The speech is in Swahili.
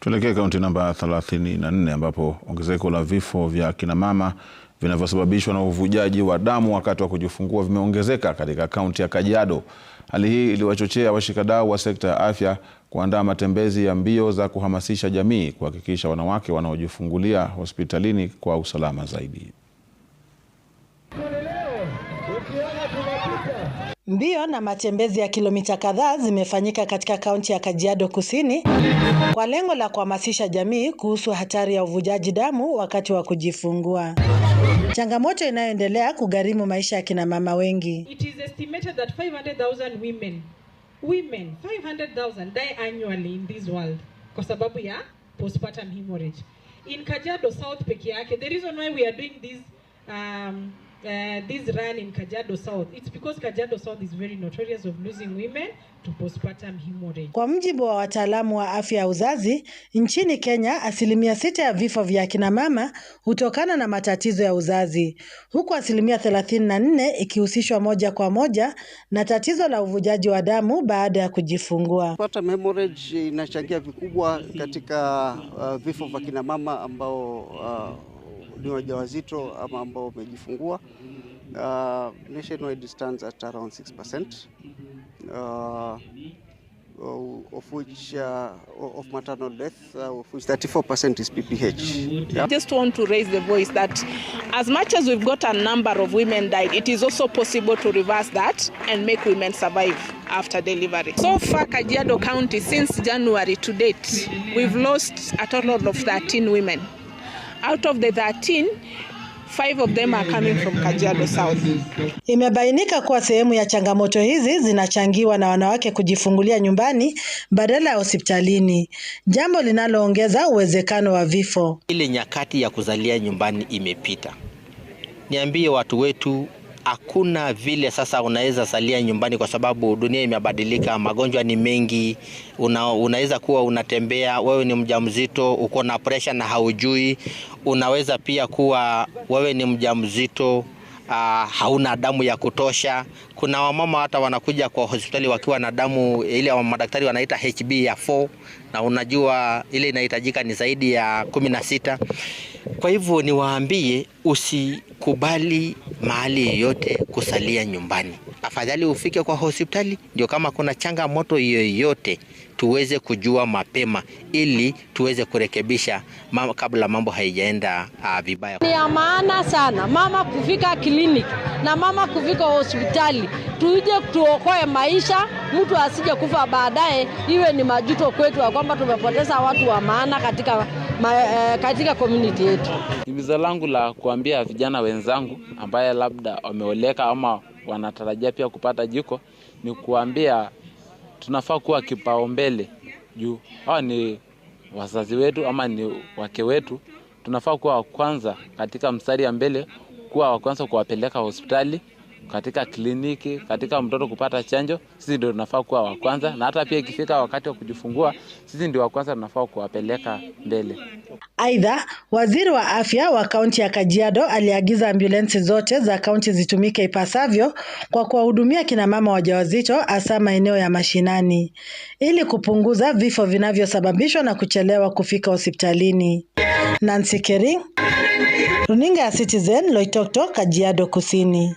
Tuelekee kaunti namba 34 ambapo ongezeko la vifo vya kina mama vinavyosababishwa na uvujaji wa damu wakati wa kujifungua vimeongezeka katika kaunti ya Kajiado. Hali hii iliwachochea washikadau wa sekta ya afya kuandaa matembezi ya mbio za kuhamasisha jamii kuhakikisha wanawake wanaojifungulia hospitalini kwa usalama zaidi. Mbio na matembezi ya kilomita kadhaa zimefanyika katika kaunti ya Kajiado Kusini kwa lengo la kuhamasisha jamii kuhusu hatari ya uvujaji damu wakati wa kujifungua, changamoto inayoendelea kugharimu maisha ya kina mama wengi. It is estimated that 500,000 women women 500,000 die annually in this world kwa sababu ya postpartum hemorrhage. In Kajiado South peke yake, the reason why we are doing this um, uh, this run in Kajado South. It's because Kajado South is very notorious of losing women to postpartum hemorrhage. Kwa mjibu wa wataalamu wa afya ya uzazi nchini Kenya, asilimia sita ya vifo vya kina mama hutokana na matatizo ya uzazi, huku asilimia thelathini na nne ikihusishwa moja kwa moja na tatizo la uvujaji wa damu baada ya kujifungua. Postpartum hemorrhage inachangia vikubwa katika uh, vifo vya kina mama ambao uh, ni wajawazito ama ambao wamejifungua uh, nationwide stands at around 6% uh, uh, of which uh, of maternal death uh, of which 34% is PPH. Yeah. I just want to raise the voice that as much as we've got a number of women died, it is also possible to reverse that and make women survive after delivery. So far, Kajiado County, since January to date, we've lost a total of 13 women. Out of the 13, Five of them are coming from Kajiado South. Imebainika kuwa sehemu ya changamoto hizi zinachangiwa na wanawake kujifungulia nyumbani badala ya hospitalini, jambo linaloongeza uwezekano wa vifo. Ile nyakati ya kuzalia nyumbani imepita. Niambie watu wetu hakuna vile sasa unaweza salia nyumbani, kwa sababu dunia imebadilika, magonjwa ni mengi. Una, unaweza kuwa unatembea wewe ni mjamzito, uko na pressure na haujui. Unaweza pia kuwa wewe ni mjamzito uh, hauna damu ya kutosha. Kuna wamama hata wanakuja kwa hospitali wakiwa na damu ile wa madaktari wanaita HB ya 4 na unajua ile inahitajika ni zaidi ya kumi na sita. Kwa hivyo niwaambie, usikubali mahali yoyote kusalia nyumbani afadhali ufike kwa hospitali, ndio kama kuna changamoto yoyote tuweze kujua mapema, ili tuweze kurekebisha mama, kabla mambo haijaenda uh, vibaya. Ni ya maana sana mama kufika kliniki na mama kufika hospitali, tuje tuokoe maisha, mtu asije kufa baadaye, iwe ni majuto kwetu ya kwamba tumepoteza watu wa maana katika ma, eh, katika community yetu. Himizo langu la kuambia vijana wenzangu ambaye labda wameoleka ama wanatarajia pia kupata jiko ni kuambia tunafaa kuwa kipaumbele juu hawa ni wazazi wetu ama ni wake wetu tunafaa kuwa wa kwanza katika mstari ya mbele kuwa wa kwanza kuwapeleka hospitali katika kliniki, katika mtoto kupata chanjo, sisi ndio tunafaa kuwa wa kwanza, na hata pia ikifika wakati wa kujifungua, sisi ndio wa kwanza tunafaa kuwapeleka mbele. Aidha, waziri wa afya wa kaunti ya Kajiado aliagiza ambulensi zote za kaunti zitumike ipasavyo kwa kuwahudumia kina mama wajawazito, hasa maeneo ya mashinani, ili kupunguza vifo vinavyosababishwa na kuchelewa kufika hospitalini. Nancy Kering, runinga ya Citizen, Loitoktok, Kajiado Kusini.